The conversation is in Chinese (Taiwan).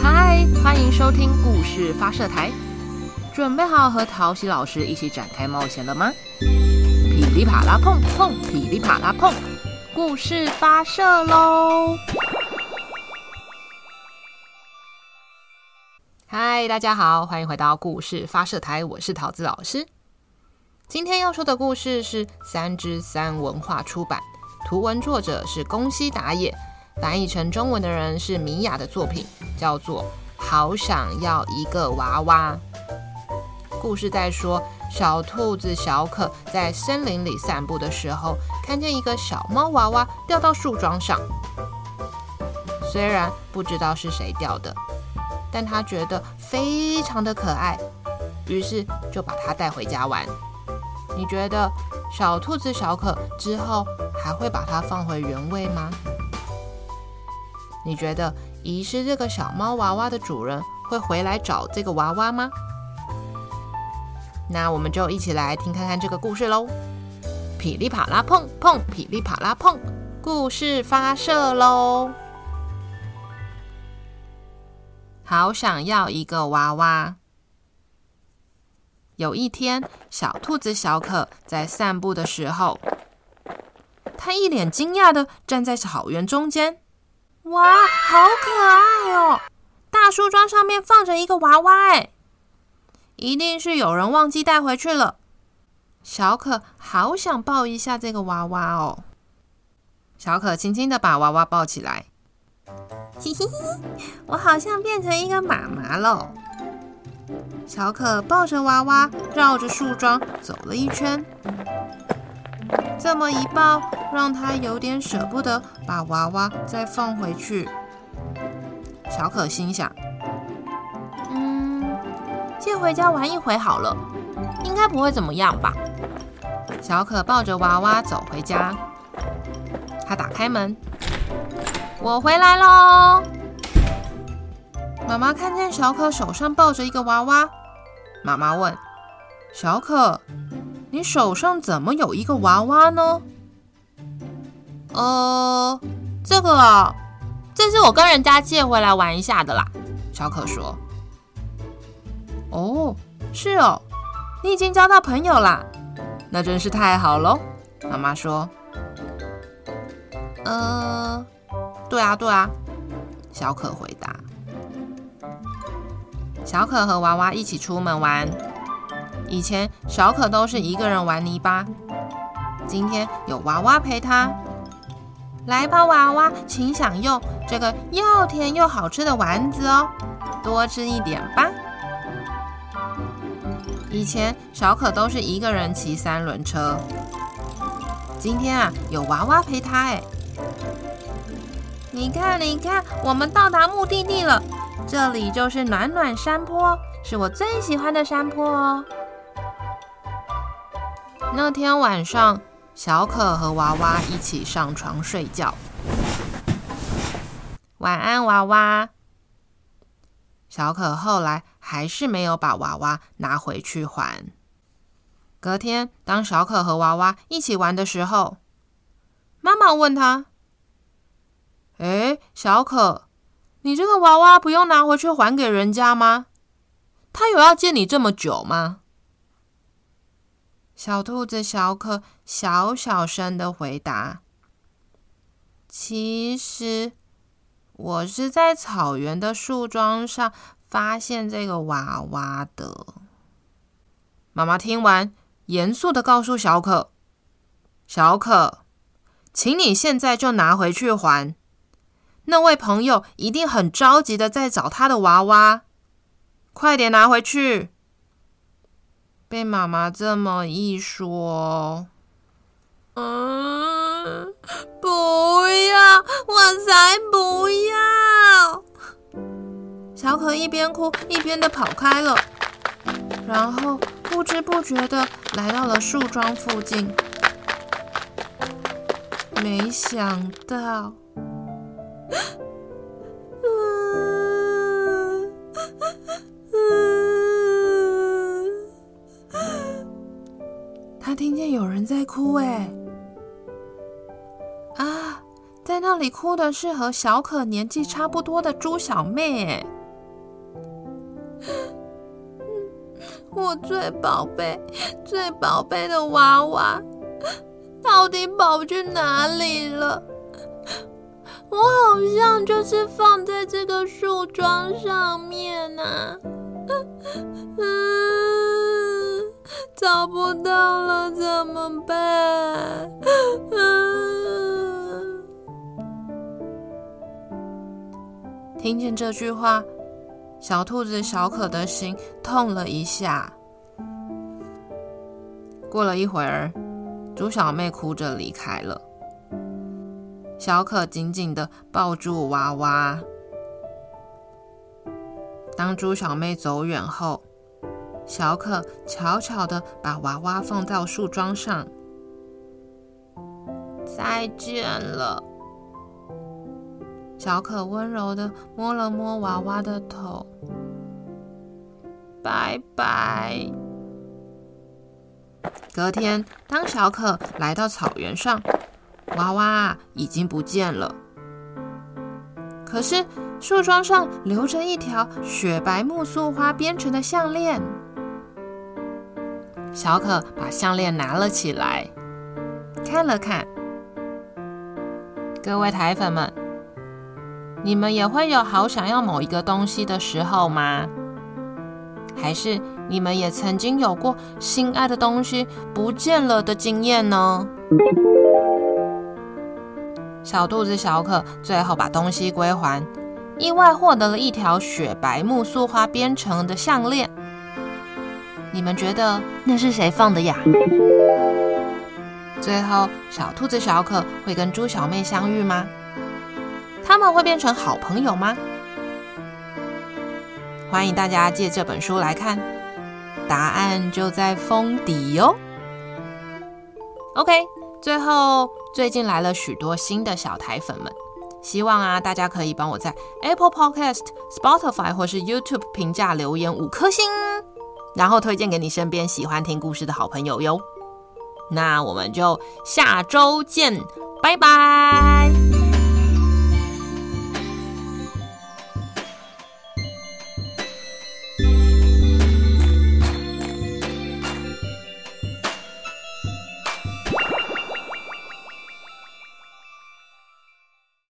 嗨，Hi，歡迎收聽故事發射台，準備好和桃喜老師一起展開冒險了嗎？噼裡啪啦碰碰，噼裡啪啦碰，故事發射嘍！嗨，大家好，歡迎回到故事發射台，我是桃子老師。今天要說的故事是三之三文化出版，圖文作者是宮西達也。翻譯成中文的人是米婭的作品，叫做《好想要一個娃娃》。故事在說，小兔子小可在森林裡散步的時候，看見一個小貓娃娃掉到樹樁上。雖然不知道是誰掉的，但他覺得非常的可愛，於是就把它帶回家玩。你覺得小兔子小可之後還會把它放回原位嗎？你覺得遺失這個小貓娃娃的主人會回來找這個娃娃嗎？那我們就一起來聽看看這個故事嘍！噼里啪啦碰碰，噼，噼里啪啦碰，故事發射嘍！好想要一個娃娃。有一天，小兔子小可在散步的時候，它一臉驚訝的站在草原中間。哇，好可愛哦！大樹樁上面放着一個娃娃。欸，哎，一定是有人忘記帶回去了。小可好想抱一下這個娃娃哦。小可輕輕地把娃娃抱起來，嘿嘿嘿，我好像變成一個媽媽了。小可抱着娃娃繞着樹樁走了一圈。嗯這麼一抱，讓他有點捨不得把娃娃再放回去。小可心想：“嗯，先回家玩一回好了，應該不會怎麼樣吧？”小可抱着娃娃走回家，他打開門：“我回來嘍！”媽媽看見小可手上抱着一個娃娃，媽媽問：“小可？”你手上怎麼有一個娃娃呢？呃，這個啊，這是我跟人家借回來玩一下的啦。小可說。哦，是哦，你已經交到朋友啦，那真是太好嘍。媽媽說。呃，對啊，對啊。小可回答。小可和娃娃一起出門玩。以前小可都是一個人玩泥巴，今天有娃娃陪他。來吧，娃娃，請享用這個又甜又好吃的丸子哦，多吃一點吧。以前小可都是一個人騎三輪車，今天啊有娃娃陪他。誒，你看，你看，我們到達目的地了，這裡就是暖暖山坡，是我最喜歡的山坡哦。那天晚上，小可和娃娃一起上床睡覺。晚安，娃娃。小可後來還是沒有把娃娃拿回去還。隔天，當小可和娃娃一起玩的時候，媽媽問他：“哎，小可，你這個娃娃不用拿回去還給人家嗎？他有要借你這麼久嗎？”小兔子小可小小聲的回答：“其實，我是在草原的樹樁上發現這個娃娃的。”媽媽聽完，嚴肅的告訴小可：“小可，請你現在就拿回去還，那位朋友一定很着急的在找他的娃娃，快點拿回去。”被媽媽這麼一說，嗯，不要，我才不要！小可一邊哭一邊的跑開了，然後不知不覺的來到了樹樁附近，沒想到。他聽見有人在哭，哎，啊，在那裡哭的是和小可年紀差不多的豬小妹，哎，我最寶貝、最寶貝的娃娃到底跑去哪裡了？我好像就是放在這個樹樁上面呢。啊。找不到了，怎麼辦？ 聽見這句話，小兔子小可的心痛了一下。過了一會兒，豬小妹哭着離開了。小可緊緊地抱住娃娃。當豬小妹走遠後，小可悄悄的把娃娃放到樹樁上。再見了，小可溫柔的摸了摸娃娃的頭。拜拜。隔天，當小可來到草原上，娃娃已經不見了。可是樹樁上留着一條雪白苜蓿花編成的項鏈。小可把項鏈拿了起來，看了看。各位台粉們，你們也會有好想要某一個東西的時候嗎？還是你們也曾經有過心愛的東西不見了的經驗呢？小兔子小可最後把東西歸還，意外獲得了一條雪白木素花編成的項鏈。你們覺得那是誰放的呀？最後，小兔子小可會跟豬小妹相遇嗎？他們會變成好朋友嗎？歡迎大家借這本書來看，答案就在封底哦。OK，最後最近來了許多新的小台粉們，希望啊大家可以幫我在 Apple Podcast、Spotify 或是 YouTube 評價留言五顆星。然後推薦給你身邊喜歡聽故事的好朋友喲。那我們就下周見，拜拜。